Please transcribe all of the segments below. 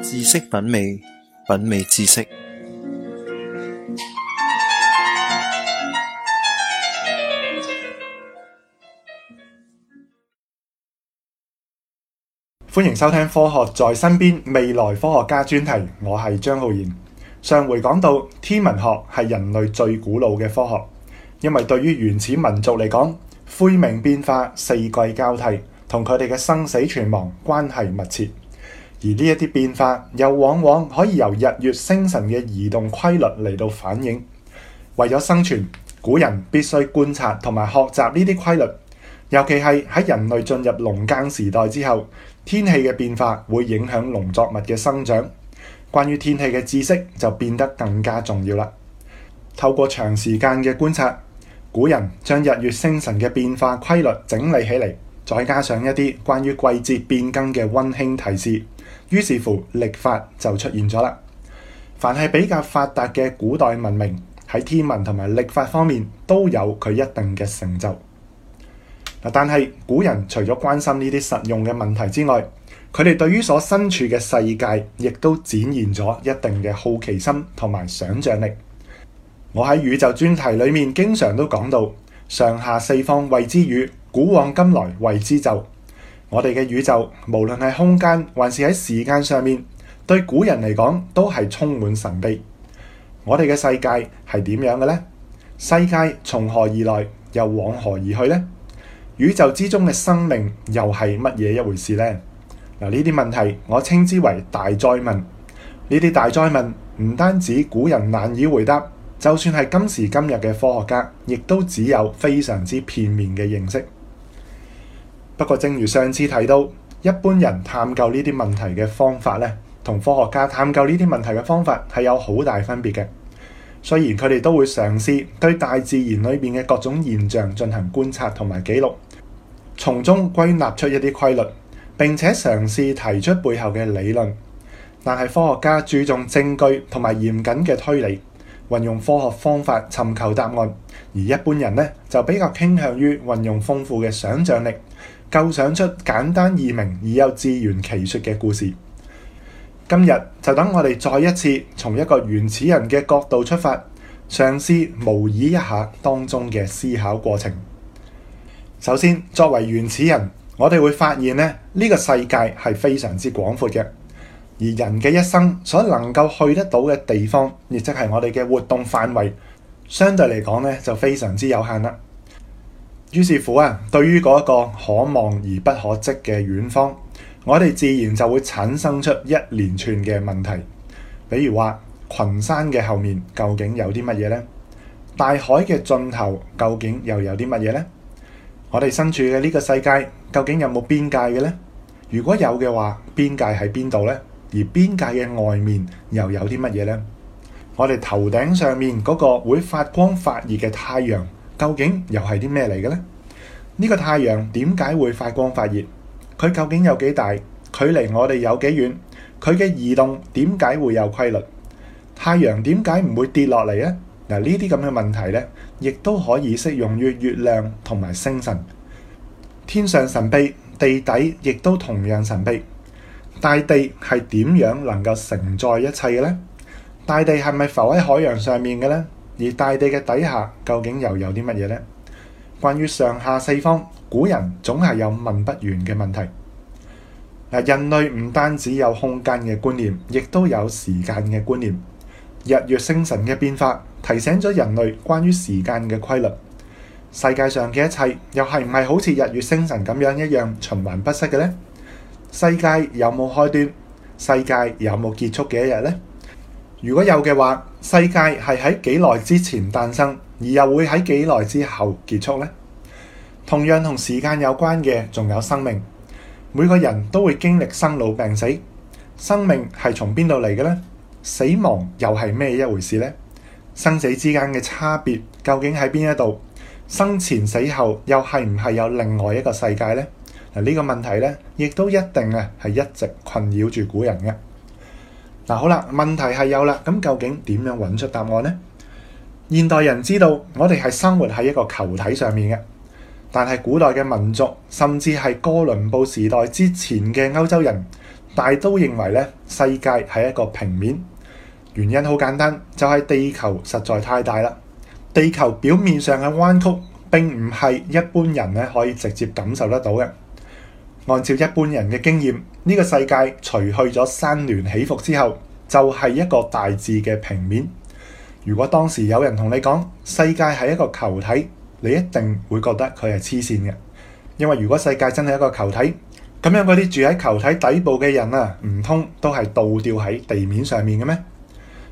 知識品味，品味知識。歡迎收聽《科學在身邊》未來科學家專題。我係張浩然。上回講到天文學係人類最古老嘅科學，因為對於原始民族嚟講，晦明變化、四季交替，同佢哋嘅生死存亡關係密切。而呢一啲變化又往往可以由日月星辰嘅移動規律嚟到反映。為咗生存，古人必須觀察同埋學習呢啲規律。尤其係喺人類進入農耕時代之後，天氣嘅變化會影響農作物嘅生長。關於天氣嘅知識就變得更加重要啦。透過長時間嘅觀察，古人將日月星辰嘅變化規律整理起嚟。再加上一啲關於季節變更嘅温馨提示，於是乎曆法就出現咗啦。凡係比較發達嘅古代文明，喺天文同埋曆法方面都有佢一定嘅成就。但係古人除咗關心呢啲實用嘅問題之外，佢哋對於所身處嘅世界，亦都展現咗一定嘅好奇心同埋想像力。我喺宇宙專題裏面經常都講到。上下四方謂之宇，古往今來謂之宙。我哋嘅宇宙，無論係空間還是喺時間上面，對古人嚟講都係充滿神秘。我哋嘅世界係點樣嘅呢？世界從何而來，又往何而去呢？宇宙之中嘅生命又係乜嘢一回事呢？嗱，呢啲問題我稱之為大哉問。呢啲大哉問唔單止古人難以回答。就算係今時今日嘅科學家，亦都只有非常之片面嘅認識。不過，正如上次提到，一般人探究呢啲問題嘅方法咧，同科學家探究呢啲問題嘅方法係有好大分別嘅。雖然佢哋都會嘗試對大自然裏面嘅各種現象進行觀察同埋記錄，從中歸納出一啲規律，並且嘗試提出背後嘅理論。但係科學家注重證據同埋嚴謹嘅推理。運用科學方法尋求答案，而一般人咧就比較傾向於運用豐富嘅想像力，構想出簡單易明而又自圓其説嘅故事。今日就等我哋再一次從一個原始人嘅角度出發，嘗試模擬一下當中嘅思考過程。首先，作為原始人，我哋會發現咧，呢個世界係非常之廣闊嘅。而人嘅一生所能夠去得到嘅地方，亦即係我哋嘅活動範圍，相對嚟講咧就非常之有限啦。於是乎啊，對於嗰一個可望而不可即嘅遠方，我哋自然就會產生出一連串嘅問題，比如話：「群山嘅後面究竟有啲乜嘢呢？大海嘅盡頭究竟又有啲乜嘢呢？我哋身處嘅呢個世界究竟有冇邊界嘅呢？如果有嘅話，邊界喺邊度呢？」而邊界嘅外面又有啲乜嘢呢？我哋頭頂上面嗰個會發光發熱嘅太陽，究竟又係啲咩嚟嘅呢？呢個太陽點解會發光發熱？佢究竟有幾大？距離我哋有幾遠？佢嘅移動點解會有規律？太陽點解唔會跌落嚟呢？嗱，呢啲咁嘅問題呢，亦都可以適用於月亮同埋星辰。天上神秘，地底亦都同樣神秘。大地係點樣能夠承載一切嘅咧？大地係咪浮喺海洋上面嘅咧？而大地嘅底下究竟又有啲乜嘢咧？關於上下四方，古人總係有問不完嘅問題。嗱，人類唔單止有空間嘅觀念，亦都有時間嘅觀念。日月星辰嘅變化提醒咗人類關於時間嘅規律。世界上嘅一切，又係唔係好似日月星辰咁樣一樣循環不息嘅咧？世界有冇開端？世界有冇結束嘅一日呢？如果有嘅話，世界係喺幾耐之前誕生，而又會喺幾耐之後結束呢？同樣同時間有關嘅，仲有生命。每個人都會經歷生老病死。生命係從邊度嚟嘅呢？死亡又係咩一回事呢？生死之間嘅差別究竟喺邊一度？生前死後又係唔係有另外一個世界呢？呢個問題咧，亦都一定啊，係一直困擾住古人嘅。嗱、啊，好啦，問題係有啦，咁究竟點樣揾出答案呢？現代人知道我哋係生活喺一個球體上面嘅，但係古代嘅民族，甚至係哥倫布時代之前嘅歐洲人，大都認為咧世界係一個平面。原因好簡單，就係、是、地球實在太大啦。地球表面上嘅彎曲並唔係一般人咧可以直接感受得到嘅。按照一般人嘅經驗，呢個世界除去咗山巒起伏之後，就係一個大致嘅平面。如果當時有人同你講世界係一個球體，你一定會覺得佢係黐線嘅，因為如果世界真係一個球體，咁樣嗰啲住喺球體底部嘅人啊，唔通都係倒吊喺地面上面嘅咩？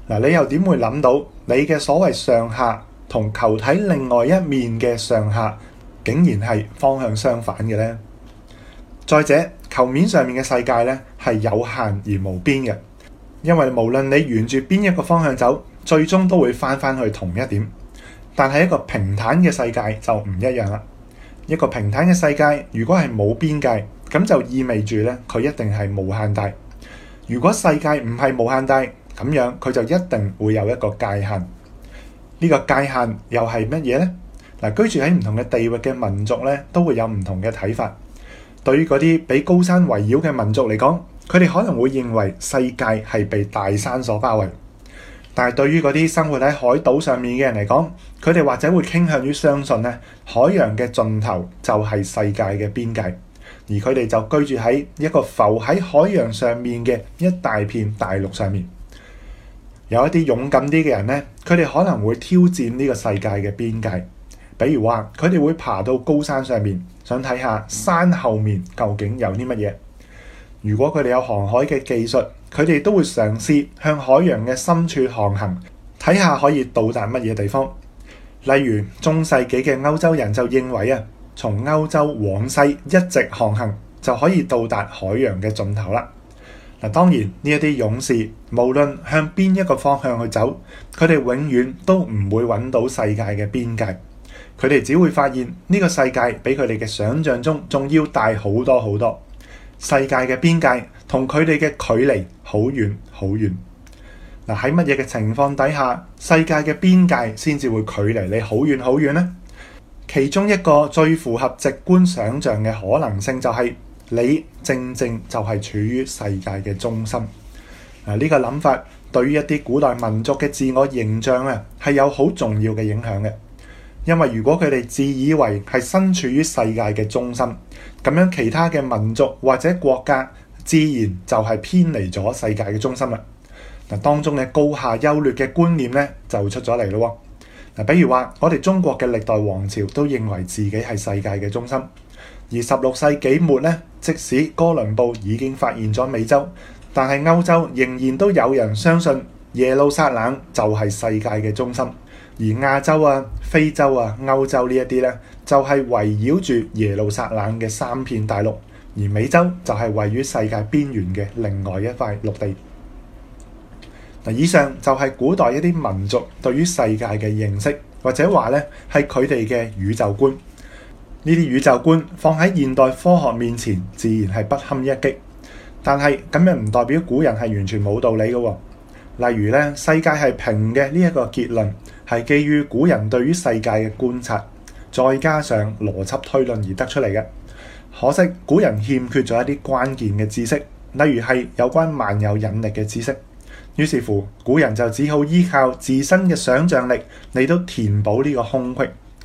嗱，你又點會諗到你嘅所謂上下同球體另外一面嘅上下，竟然係方向相反嘅呢？再者，球面上面嘅世界咧，係有限而無邊嘅，因為無論你沿住邊一個方向走，最終都會翻翻去同一點。但係一個平坦嘅世界就唔一樣啦。一個平坦嘅世界，如果係冇邊界，咁就意味住咧，佢一定係無限大。如果世界唔係無限大，咁樣，佢就一定會有一個界限。呢個界限又係乜嘢咧？嗱，居住喺唔同嘅地域嘅民族咧，都會有唔同嘅睇法。對於嗰啲俾高山圍繞嘅民族嚟講，佢哋可能會認為世界係被大山所包圍；但係對於嗰啲生活喺海島上面嘅人嚟講，佢哋或者會傾向於相信咧海洋嘅盡頭就係世界嘅邊界，而佢哋就居住喺一個浮喺海洋上面嘅一大片大陸上面。有一啲勇敢啲嘅人咧，佢哋可能會挑戰呢個世界嘅邊界。比如話，佢哋會爬到高山上面，想睇下山後面究竟有啲乜嘢。如果佢哋有航海嘅技術，佢哋都會嘗試向海洋嘅深處航行，睇下可以到達乜嘢地方。例如中世紀嘅歐洲人就認為啊，從歐洲往西一直航行就可以到達海洋嘅盡頭啦。嗱，當然呢一啲勇士無論向邊一個方向去走，佢哋永遠都唔會揾到世界嘅邊界。佢哋只會發現呢、這個世界比佢哋嘅想象中仲要大好多好多，世界嘅邊界同佢哋嘅距離好遠好遠。嗱，喺乜嘢嘅情況底下，世界嘅邊界先至會距離你好遠好遠呢？其中一個最符合直觀想像嘅可能性就係、是、你正正就係處於世界嘅中心。嗱、這、呢個諗法對於一啲古代民族嘅自我形象啊係有好重要嘅影響嘅。因為如果佢哋自以為係身處於世界嘅中心，咁樣其他嘅民族或者國家自然就係偏離咗世界嘅中心啦。嗱，當中嘅高下優劣嘅觀念咧就出咗嚟咯。嗱，比如話，我哋中國嘅歷代王朝都認為自己係世界嘅中心，而十六世紀末咧，即使哥倫布已經發現咗美洲，但係歐洲仍然都有人相信耶路撒冷就係世界嘅中心。而亞洲啊、非洲啊、歐洲呢一啲咧，就係圍繞住耶路撒冷嘅三片大陸；而美洲就係位於世界邊緣嘅另外一塊陸地。嗱，以上就係古代一啲民族對於世界嘅認識，或者話咧係佢哋嘅宇宙觀。呢啲宇宙觀放喺現代科學面前，自然係不堪一擊。但係咁樣唔代表古人係完全冇道理嘅喎。例如咧，世界係平嘅呢一個結論，係基於古人對於世界嘅觀察，再加上邏輯推論而得出嚟嘅。可惜古人欠缺咗一啲關鍵嘅知識，例如係有關萬有引力嘅知識。於是乎，古人就只好依靠自身嘅想像力嚟到填補呢個空隙，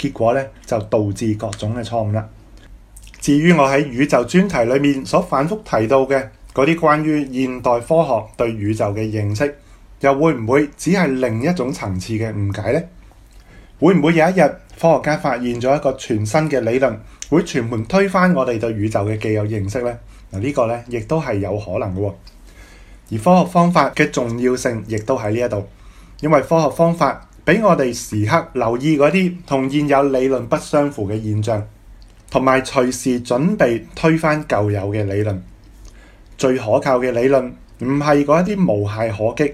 結果咧就導致各種嘅錯誤啦。至於我喺宇宙專題裏面所反覆提到嘅嗰啲關於現代科學對宇宙嘅認識。又會唔會只係另一種層次嘅誤解呢？會唔會有一日科學家發現咗一個全新嘅理論，會全面推翻我哋對宇宙嘅既有認識呢？嗱，呢個呢，亦都係有可能嘅哦。而科學方法嘅重要性亦都喺呢一度，因為科學方法俾我哋時刻留意嗰啲同現有理論不相符嘅現象，同埋隨時準備推翻舊有嘅理論。最可靠嘅理論唔係嗰一啲無懈可擊。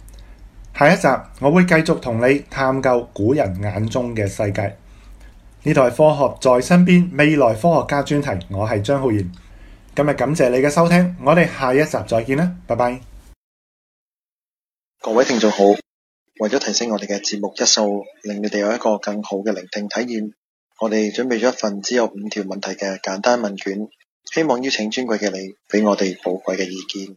下一集我會繼續同你探究古人眼中嘅世界。呢台科學在身邊未來科學家專題，我係張浩然。今日感謝你嘅收聽，我哋下一集再見啦，拜拜。各位聽眾好，為咗提升我哋嘅節目質素，令你哋有一個更好嘅聆聽體驗，我哋準備咗一份只有五條問題嘅簡單問卷，希望邀請尊貴嘅你俾我哋寶貴嘅意見。